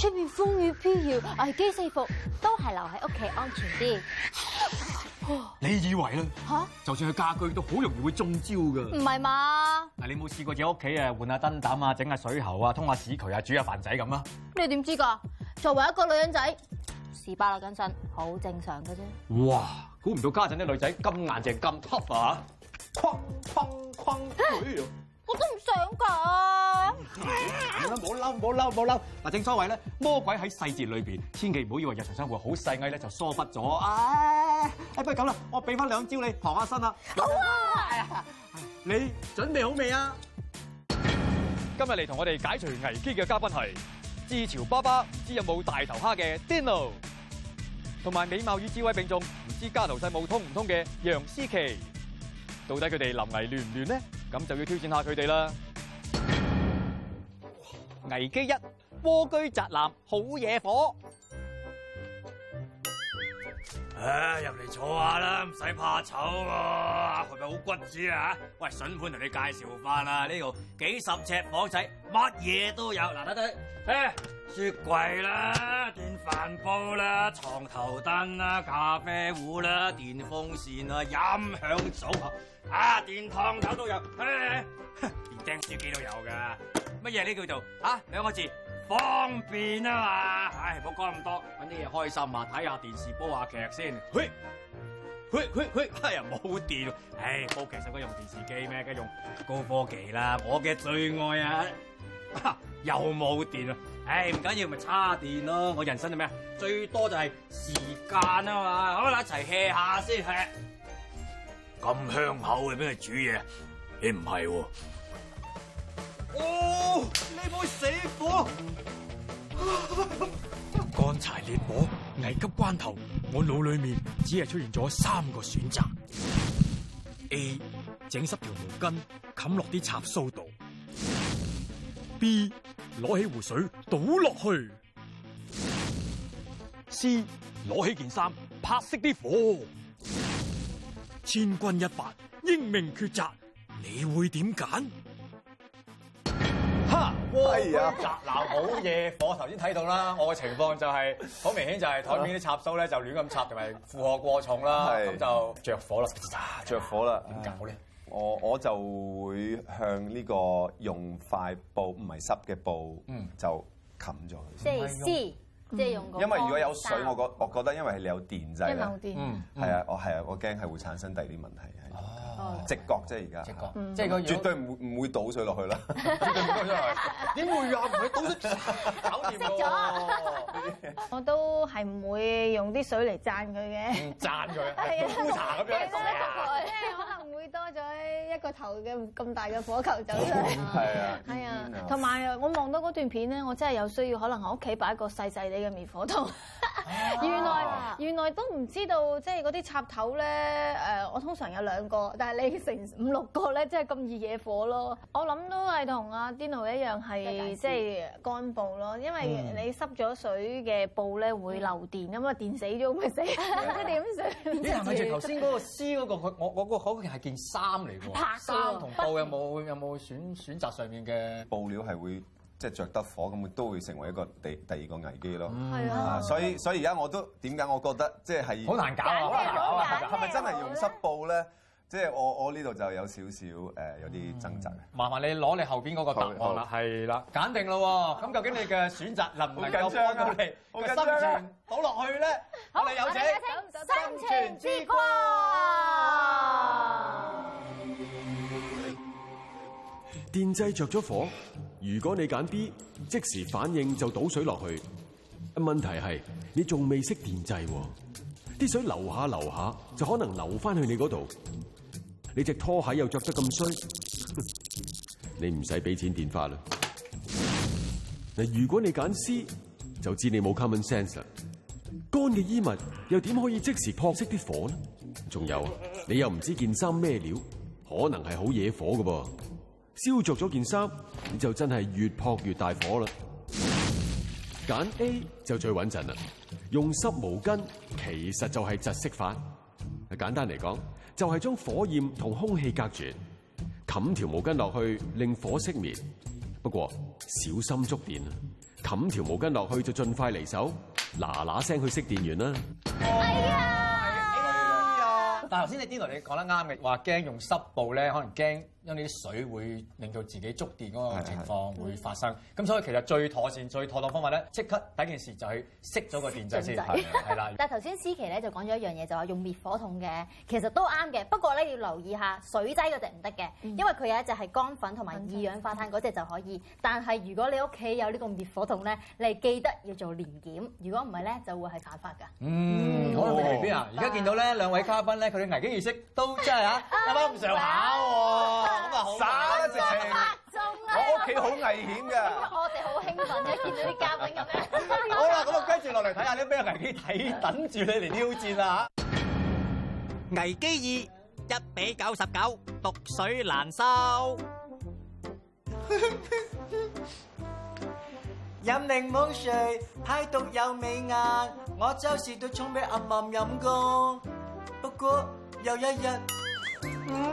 出面風雨飄搖，危機四伏，都係留喺屋企安全啲。你以為咧？吓蛤！就算係家居都好容易會中招噶。唔係嘛？嗱，你冇試過自己屋企啊，換下燈膽啊，整下水喉啊，通下屎渠啊，煮下飯仔咁啊？你點知噶？作為一個女人仔，士巴拿傍身，好正常噶啫。哇！估唔到家陣啲女仔咁硬淨咁 tough 啊！哐哐哐！我都唔想講啊。唔好嬲，唔好嬲，唔好嬲。嗱，正所謂咧，魔鬼喺細節裏邊，千祈唔好以為日常生活好細藝咧就疏忽咗。哎，唉，不如咁啦，我俾翻兩招你，傍下身啦。好啊，你準備好未啊？今日嚟同我哋解除危機嘅嘉賓係自潮爸爸、知有冇大頭蝦嘅 Dino，同埋美貌與智慧並重、唔知家頭細務通唔通嘅楊思琦！到底佢哋臨危亂唔亂呢？咁就要挑戰下佢哋啦！危機一，蝸居宅男好惹火。誒，入嚟坐下啦，唔使怕醜喎。係咪好骨子啊嚇！喂，筍盤同你介紹翻啦，呢度幾十尺房仔，乜嘢都有。嗱，睇睇，誒，雪櫃啦。飯煲啦，床頭燈啦，咖啡壺啦，電風扇啦，音響組合啊,啊，電燙頭都有，啊、連釘書機都有噶。乜嘢呢叫做啊，兩個字方便啊嘛。唉、哎，唔好講咁多，搵啲嘢開心嘛、啊，睇下電視煲下劇先。去去去去，哎呀冇、哎哎哎哎哎、電，唉、哎，煲劇使唔使用電視機咩？梗用高科技啦。我嘅最愛啊，又冇電啊。唉，唔緊要，咪插電咯。我人生係咩啊？最多就係時間啊嘛。好啦，一齊 hea 下先。hea 咁香口嘅邊個煮嘢？你唔係喎。哦，你冇死火。乾柴烈火，危急關頭，我腦裏面只係出現咗三個選擇：A，整濕條毛巾，冚落啲插數度 B 攞起壺水倒落去，C 攞起件衫拍熄啲火，千鈞一髮，英明抉擇，你會點揀？吓，哎呀， 哇，個宅男好惹火。頭先睇到啦，我嘅情況就係、是、好明顯就係台面啲插蘇咧就亂咁插，同埋負荷過重啦，咁的就着火啦，着火啦。點搞咧？啊我我就會向呢個用塊布，唔係濕嘅布，嗯，就冚咗佢先，即係用。因為如果有水，我覺我覺得因為你有電掣啦，係啊，我係啊，我驚係會產生第二啲問題。直覺啫而家，即係係絕對唔會唔會倒水落去啦。點 會啊！唔同佢都識搞掂啦，我都係唔會用啲水嚟讚佢嘅，唔讚佢，烏啊，烏茶咁樣，烏、 啊、 可能唔會多咗一個頭嘅咁大嘅火球走出嚟，係啊，係啊，同埋我望到嗰段片咧，我真係有需要，可能喺屋企擺個細細哋嘅滅火筒。原來原來都唔知道，即係嗰啲插頭咧，誒，我通常有兩個，但係你成五六個咧，真係咁易惹火咯。我諗都係同阿 Dino 一樣。係即係乾布咯，因為你濕咗水嘅布咧會漏電咁啊，嗯、電死咗咪死了。即係點算？啲人問住頭先嗰個絲嗰、嗰個我嗰、嗰個嗰、嗰個、件係件衫嚟㗎拍衫手同布有冇有冇選選擇上面嘅布料係會即係着得火咁，都會成為一個第第二個危機咯。係啊、嗯，所以所以而家我都點解我覺得即係好難搞啊！好難搞啊！係咪難真係用濕布咧？即係我我呢度就有少少誒有啲掙扎嘅。麻煩你攞你後邊嗰個答案啦。係啦，揀定咯。咁究竟你嘅選擇能唔能夠撐到嚟？生存、啊啊、倒落去咧，好我哋有請生存之光。之電掣着咗火，如果你揀 B，即時反應就倒水落去。問題係你仲未識電掣、啊，啲水流下流下就可能流翻去你嗰度。你隻拖鞋又着得咁衰，你唔使俾錢電費啦。嗱，如果你揀 C，就知你冇 common sense 啦。乾嘅衣物又點可以即時撲熄啲火呢？仲有，你又唔知件衫咩料，可能係好惹火㗎噃。燒着咗件衫，你就真係越撲越大火啦。揀 A 就最穩陣啦，用濕毛巾其實就係窒息法。簡單嚟講。就係將火焰同空氣隔絕，冚條毛巾落去令火熄滅。不過小心觸電，冚條毛巾落去就盡快離手，嗱嗱聲去熄電源啦。係啊、哎呀！起我、哎哎、呀但係頭先 Dino 你講得啱嘅，話驚用濕布咧，可能驚。因為啲水會令到自己觸電嗰個情況會發生，咁所以其實最妥善、最妥當的方法咧，即刻第一件事就係熄咗個電掣先。係啦。但係頭先思琦咧就講咗一樣嘢，就係、話、用滅火筒嘅，其實都啱嘅。不過咧要留意一下，水劑嗰隻唔得嘅，因為佢有一隻係乾粉，同埋二氧化碳嗰隻就可以。但係如果你屋企有呢個滅火筒咧，你記得要做年檢，如果唔係咧就會係犯法㗎。嗯，嗯好。邊、哦、啊？而家見到咧、嗯、兩位嘉賓咧，佢哋危機意識都真係啊，一班唔上考、啊。咁啊好，八百鍾啊！我屋企好危險㗎。我哋好興奮啊！見到啲嘉賓咁樣。好啦，咁啊跟住落嚟睇下啲咩危機睇，等住你嚟挑戰啊！危機二一比九十九，毒水難收。飲檸檬水排毒又美顏，我周時都衝俾暗暗飲過。不過有一日，嗯。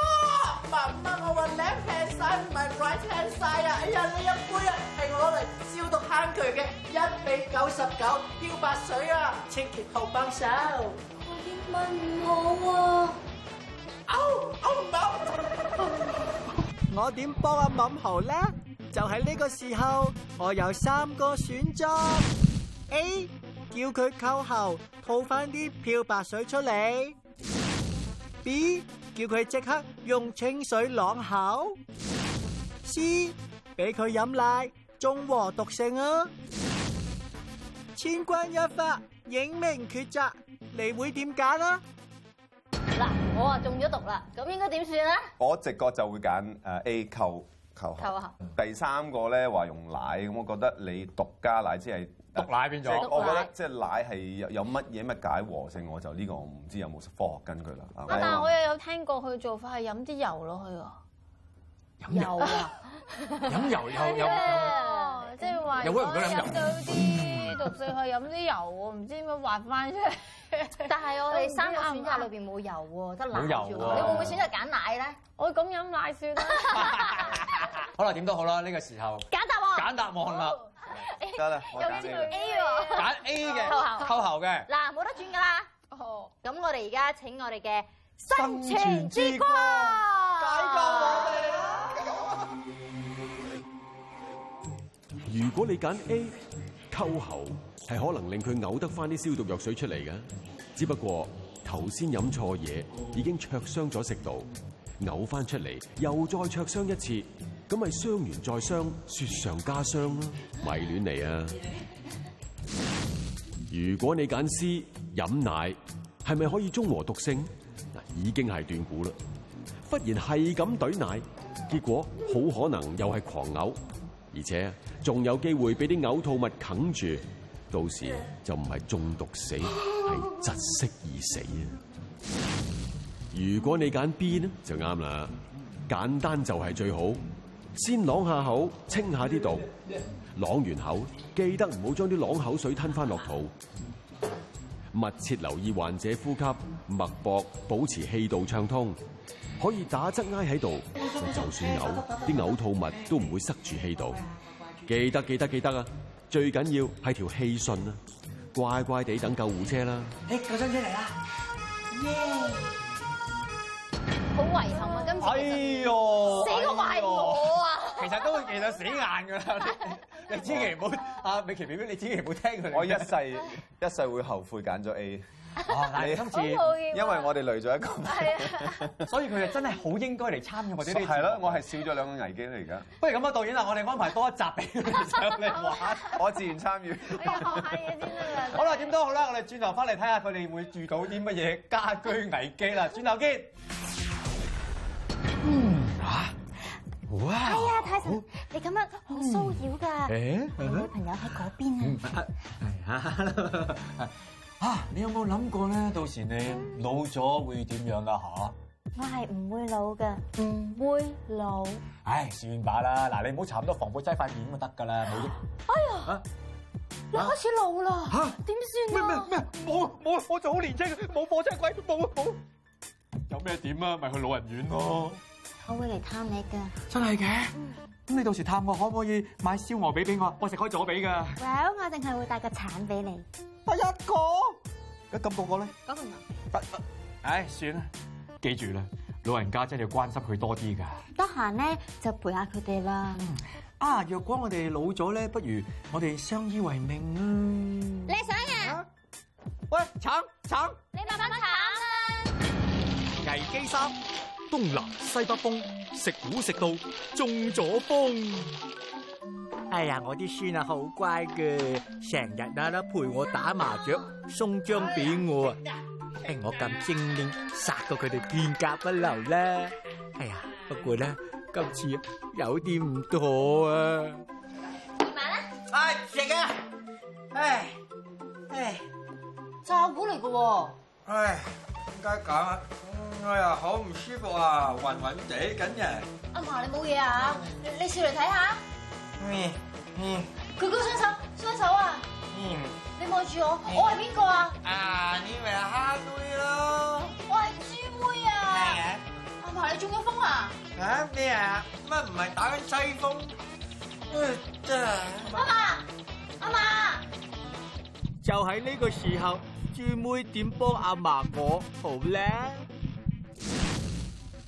爸爸，我話 left hand side 唔係 right hand side 啊！哎呀，呢一杯啊，係我攞嚟消毒餐具嘅一比九十九漂白水啊，清潔好幫手。我英文唔好啊，嘔嘔唔好。我點幫阿敏豪咧？就喺呢個時候，我有三個選擇：A，叫佢扣喉吐翻啲漂白水出嚟；B。叫佢即刻用清水朗口，C 俾佢飲奶中和毒性啊！千鈞一發，英明抉擇，你會點揀啊？嗱，我啊中咗毒啦，咁應該點算咧？我直覺就會揀誒 A，扣，扣下第三個咧話用奶，咁我覺得你毒加奶即係。毒奶變咗，我覺得即係奶係有有乜嘢乜解和性，我就呢個我唔知有冇科學根據啦。但係我又有聽過佢做法係飲啲油落去㗎，飲油啊，飲油又又即係話飲到啲毒素去飲啲油喎，唔知點樣滑翻出嚟。但係我哋三個選擇裏邊冇油喎，得奶油。你會唔會選擇揀奶咧？我會咁飲奶算啦。好啦，點都好啦，呢個時候揀答案，揀答案啦。得啦，又轉 A 喎，揀 A 嘅，摳喉嘅嗱，冇得轉噶啦。咁我哋而家請我哋嘅生存之光，生存之光解、啊，解救我哋、啊。啊、如果你揀 A 摳喉，係可能令佢嘔得返啲消毒藥水出嚟嘅，只不過頭先飲錯嘢已經灼傷咗食道。嘔翻出嚟，又再灼傷一次，咁咪傷完再傷，雪上加霜啦！咪亂嚟啊！啊 如果你揀 C 飲奶，係咪可以中和毒性？嗱，已經係斷估啦！忽然係咁懟奶，結果好可能又係狂嘔，而且仲、啊、有機會俾啲嘔吐物啃住，到時、啊、 就唔係中毒死，係窒息而死啊！如果你揀 B 呢，就啱啦，簡單就係最好。先啷下口，清下啲毒。啷完口記得唔好將啲啷口水吞翻落肚。密切留意患者呼吸，脈搏，保持氣道暢通。可以打側挨喺度，就算嘔，啲嘔吐物都唔會塞住氣道。記得記得記得啊！最緊要係條氣順啊！乖乖地等救護車啦。誒，救護車嚟啦！耶！好遺憾啊！今次，哎呦，死個壞我啊！其實都會其實死硬㗎喇，你千祈唔好阿美琪 BB，你千祈唔好聽佢。我一世一世會後悔揀咗 A。啊，你今次因為我哋累咗一個，所以佢啊真係好應該嚟參與或者啲。係咯，我係少咗兩個危機啦而家。不如咁啊，導演啊，我哋安排多一集俾佢哋上嚟玩，我自然參與。我學下嘢先啦。好啦，點都好啦，我哋轉頭翻嚟睇下佢哋會遇到啲乜嘢家居危機啦，轉頭見。啊，好啊，係啊，泰臣，你咁樣好騷擾噶，嗯、朋友喺嗰邊啊，係啊、哎，啊，你有冇諗過咧？到時你老咗會點樣啦？吓、嗯，我係唔會老嘅，唔會老。唉、哎，算吧啦，嗱，你唔好搽咁多防腐劑塊面就得噶啦，冇咗、哎呦。哎呀、啊，你開始老啦，點、啊、算咩咩咩，冇冇，我就好年青，冇火車鬼，冇冇。有咩點啊？咪去老人院咯。我會嚟探你噶，真係嘅。咁、嗯、你到時探我，可唔可以買燒鵝髀俾我？我食開咗髀噶。Well，我淨係會帶個橙俾你一。一個呢？咁個個咧？嗰個、啊。唉、哎，算啦，記住啦，老人家真係要關心佢多啲噶。得閒咧就陪下佢哋啦。啊，若果我哋老咗咧，不如我哋相依為命啦。你想嘅、啊啊？喂，橙，橙，你慢慢橙、啊。啦。危機三。東南西北風，食糊食到中咗風。哎呀，我啲孫啊好乖嘅，成日拉拉陪我打麻雀，鬆張俾我啊。我咁精靈，殺過佢哋片甲不留啦。哎呀，不過咧，今次啊有啲唔妥啊。二萬啦！哎，食啊！哎哎，詐糊嚟嘅喎。哎，點解咁？我、哎、呀，好唔舒服啊，暈暈地咁嘅。阿嫲，你冇嘢啊？你你嚟睇下。嗯嗯。舉高雙手雙手啊。嗯、啊。你望住我，我係邊個啊？啊，你咪蝦妹咯。我係豬妹啊。阿嫲，你中咗風啊？啊咩啊？乜唔係打緊西風？嗯，真係。阿嫲，阿嫲，就喺呢個時候，豬妹點幫阿嫲？我好咧？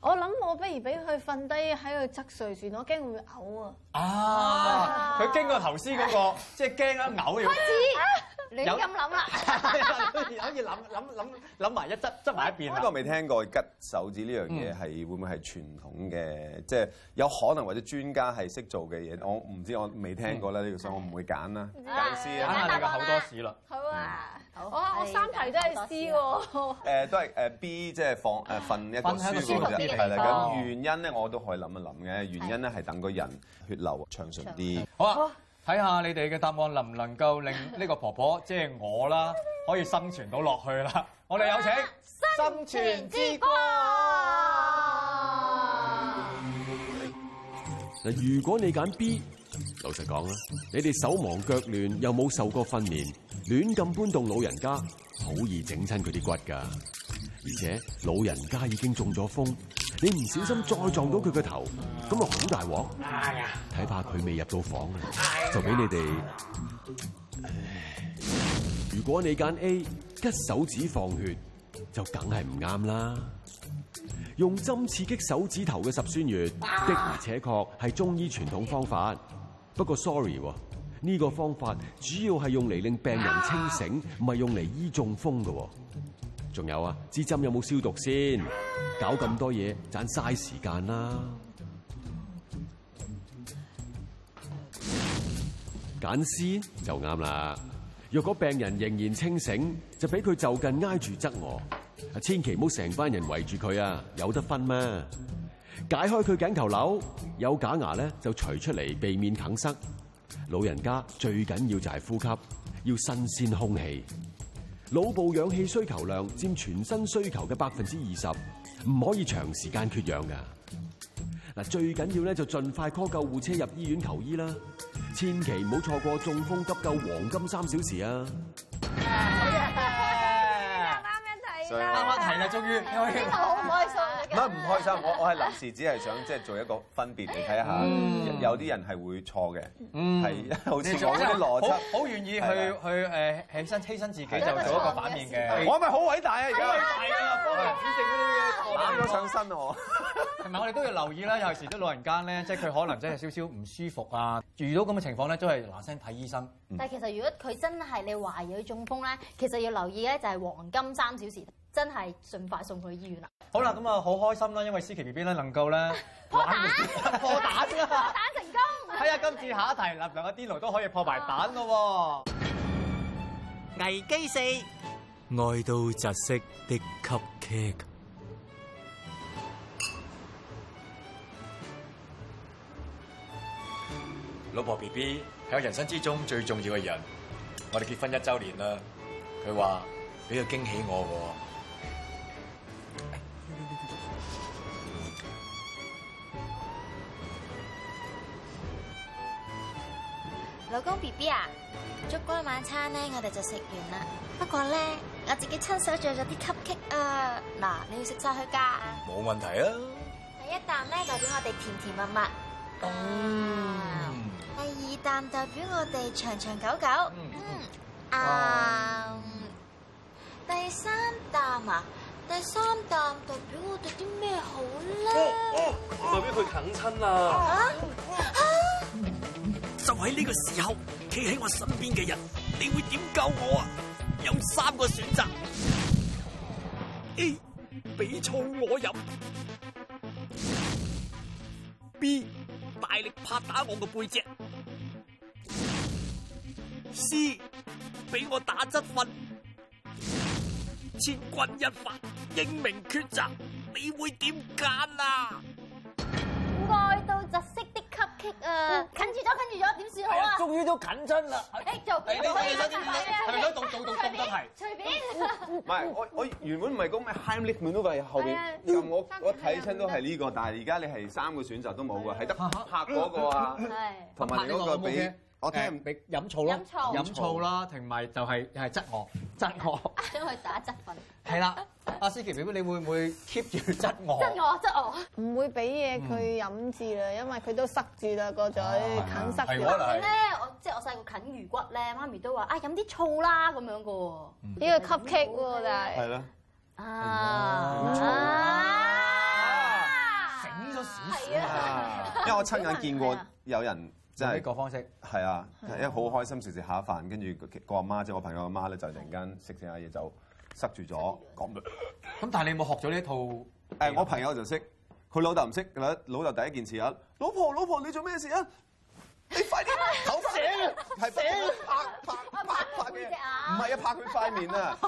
我諗我不如俾佢瞓低喺度側睡船，我驚佢會嘔啊！啊！佢、啊啊、經過頭先嗰個，即係驚一嘔，要開始，亂咁諗啦。可以諗諗諗諗埋一執執埋一邊不過未聽過，吉手指呢樣嘢係會唔會係傳統嘅？即係有可能或者專家係識做嘅嘢。我唔知我未聽過咧，呢條數我唔會揀啦，解師啊！你講好多屎啦，好啊，好。哇，我三題都係 C 喎。都係誒 B，即係放誒瞓一個舒服嘅。係啦，咁原因咧，我都可以諗一諗嘅。原因咧係等個人血流暢順啲。好啊。睇下你哋嘅答案能唔能夠令呢個婆婆，即係我啦，可以生存到落去啦。我哋有請生存之光。嗱，如果你揀 B，老實講啦，你哋手忙腳亂，又冇受過訓練，亂咁搬動老人家，好易整親佢啲骨㗎。而且老人家已經中咗風。你唔小心再撞到佢個頭，咁啊好大鑊！睇怕佢未入到房啊，哎、呀就俾你哋。哎、呀如果你揀 A，吉手指放血就梗係唔啱啦。用針刺激手指頭嘅十宣穴，的而且確係中醫傳統方法。不過 sorry，呢、這個方法主要係用嚟令病人清醒，唔係用嚟醫中風噶。仲有啊，支針有冇消毒先？搞咁多嘢，盞嘥時間啦。揀先就啱啦。若果病人仍然清醒，就俾佢就近挨住側臥。啊，千祈唔好成班人圍住佢啊，有得分咩？解開佢頸頭樓，有假牙咧，就除出嚟，避免啃塞。老人家最緊要就係呼吸，要新鮮空氣。腦部氧氣需求量佔全身需求嘅百分之二十，唔可以長時間缺氧㗎。嗱，最緊要咧就盡快 call 救護車入醫院求醫啦，千祈唔好錯過中風急救黃金三小時啊！Yeah, yeah. 阿媽睇啦。啱啱提嘅，終於好開心乜唔開心？我我係臨時只係想即係做一個分別嚟睇下，有啲人係會錯嘅，係好啲錯，好啲邏輯，好願意去去誒犧身犧牲自己，就做一個反面嘅。我咪好偉大啊！而家好大啊！反應嗰啲嘢攬咗上身喎。同埋我哋都要留意啦。有時啲老人家咧，即係佢可能真係少少唔舒服啊。遇到咁嘅情況咧，都係嗱聲睇醫生。但係其實如果佢真係你懷疑佢中風咧，其實要留意咧就係黃金三小時。真係盡快送去醫院啦！好啦，咁啊，好開心啦，因為思琪 B B 咧能夠咧破蛋，破蛋先啦，破蛋成功。係啊，今次下一題，兩兩個天雷都可以破埋蛋咯喎！危機四，愛到窒息的吸茄。老婆 B B，喺我人生之中最重要嘅人，我哋結婚一週年啦。佢話俾個驚喜我喎。老公 B B 啊，燭光晚餐咧，我哋就食完啦。不過咧，我自己親手做咗啲吸激啊。嗱，你要食晒佢㗎。冇問題啊。第一啖咧，代表我哋甜甜蜜蜜。嗯。第二啖代表我哋長長久久。嗯，嗯，嗯啊。第三啖啊，第三啖代表我哋啲咩好咧？代表佢啃親啊。寶寶喺呢個時候企喺我身邊嘅人，你會點救我啊？有三個選擇：A. 俾醋我飲；B. 大力拍打我個背脊；C. 俾我打側瞓。千鈞一髮，英明抉擇，你會點揀啊？誒，近住咗，近住咗，點算好啊？終於都近親啦！誒，做咩？係咪想做做做做題？隨便。唔係，我我原本唔係講咩，high level over 後邊，咁我我睇親都係呢個，但係而家你係三個選擇都冇喎，係得拍嗰個啊，同埋嗰個俾。我聽人飲醋咯，飲醋啦，同埋就係又係窒我，窒我，將佢打積分。係啦，阿思琦妹妹，你會唔會 keep 住窒我？窒我，窒我，唔會俾嘢佢飲住啦，因為佢都塞住啦個嘴，啃塞住。咧，我即係我細個啃魚骨咧，媽咪都話啊飲啲醋啦咁樣噶喎，呢個吸棘 i c k 喎真係。係咯。啊啊！醒咗少少啊，因為我親眼見過有人，即係呢個方式係啊，一好，啊啊、開心食食下飯，跟住個阿媽即係我朋友阿媽咧，就突然間食剩下嘢就塞住咗。咁咁，啊、說但係你有冇學咗呢一套？誒、哎，我朋友就識，佢老豆唔識。老豆第一件事啊，老婆老婆你做咩事啊？你快啲走先！係拍拍拍佢，唔係啊拍佢塊面啊！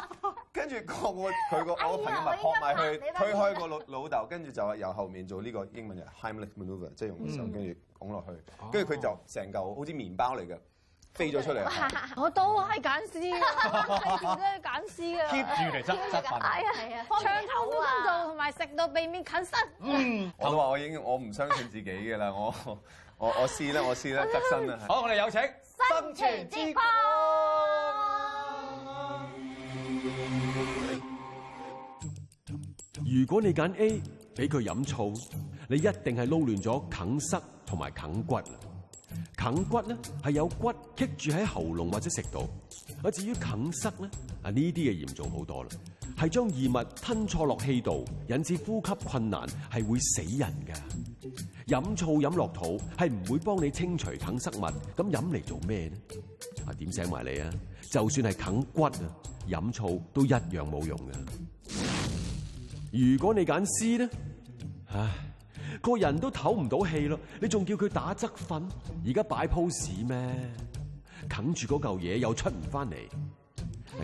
跟住個我佢個我朋友學埋佢，推開個老老豆，跟住就由後面做呢個英文嘅 Heimlich manoeuvre 即係用手跟住拱落去，跟住佢就成嚿好似麵包嚟嘅飛咗出嚟。我都係揀絲，我都係揀絲嘅。keep 住嚟執，係啊！槍頭都冇做，同埋食到鼻面近身。我都話我已經我唔相信自己嘅啦，我。我我試啦，我試啦，側身啊！好，我哋有請。生存之道。如果你揀 A，俾佢飲醋，你一定係撈亂咗哽塞同埋哽骨啦。哽骨咧係有骨棘住喺喉嚨或者食道。啊，至於哽塞咧啊，呢啲嘢嚴重好多啦，係將異物吞錯落氣道，引致呼吸困難，係會死人㗎。飲醋飲落肚係唔會幫你清除梗塞物。咁飲嚟做咩咧？啊，點醒埋你啊！就算係啃骨啊，飲醋都一樣冇用噶。如果你揀 C 咧，唉，個人都唞唔到氣咯，你仲叫佢打側瞓？而家擺甫士咩？啃住嗰嚿嘢又出唔翻嚟。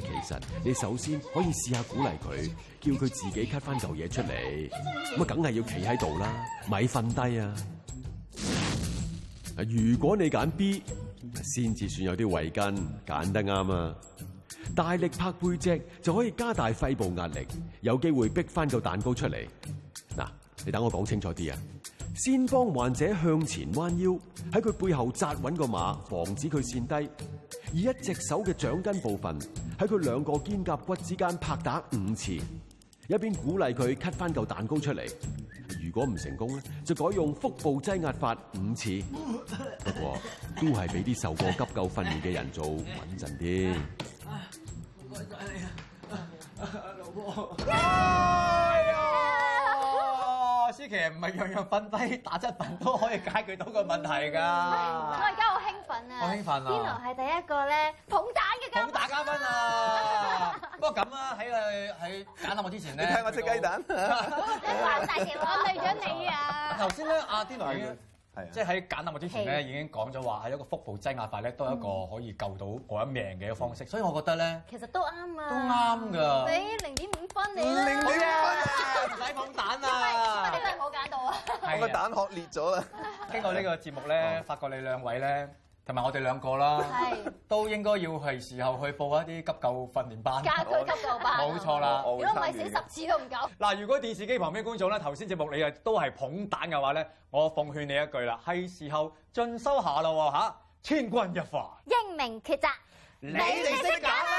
其實你首先可以試下鼓勵佢，叫佢自己咳翻嚿嘢出嚟。咁啊，梗係要企喺度啦，咪瞓低啊。 如果你揀 B，先至算有啲慧根揀得啱啊！大力拍背脊就可以加大肺部壓力，有機會逼翻嚿蛋糕出嚟。嗱，你等我講清楚啲啊！先幫患者向前彎腰，喺佢背後扎穩個馬，防止佢跣低，以一隻手嘅掌根部分。喺佢兩個肩胛骨之間拍打五次，一邊鼓勵佢 cut 翻嚿蛋糕出嚟。如果唔成功咧，就改用腹部擠壓法五次。 不過都係俾啲受過急救訓練嘅人做穩陣啲。唔該曬你啊， 啊老婆。哎呀，思琦唔係樣樣瞓低打側瞓都可以解決到個問題㗎。 我而家好興奮啊！好興奮啊！天龍係第一個咧捧好打加分啊！不過咁啊，喺喺揀任務之前咧，你睇我隻雞蛋，好大條，我對咗你啊！頭先咧，阿天來即即喺揀任務之前咧，已經講咗話係一個腹部擠壓法咧，都係一個可以救到我一命嘅一個方式，所以我覺得咧，其實都啱啊，都啱㗎，俾零點五分你，零點唔使放蛋啊！你哋都係冇揀到啊，我個蛋殼裂咗啊！經過呢個節目咧，發覺你兩位咧。同埋我哋兩個啦， 都應該要係時候去報一啲急救訓練班。家居急救班、啊，冇錯啦。 如果唔係死十次都唔夠。嗱，如果電視機旁邊觀眾咧，頭先節目你都係捧蛋嘅話咧，我奉勸你一句啦，係時候進修下啦喎吓，千鈞一髮，英明決策，你哋識揀啦。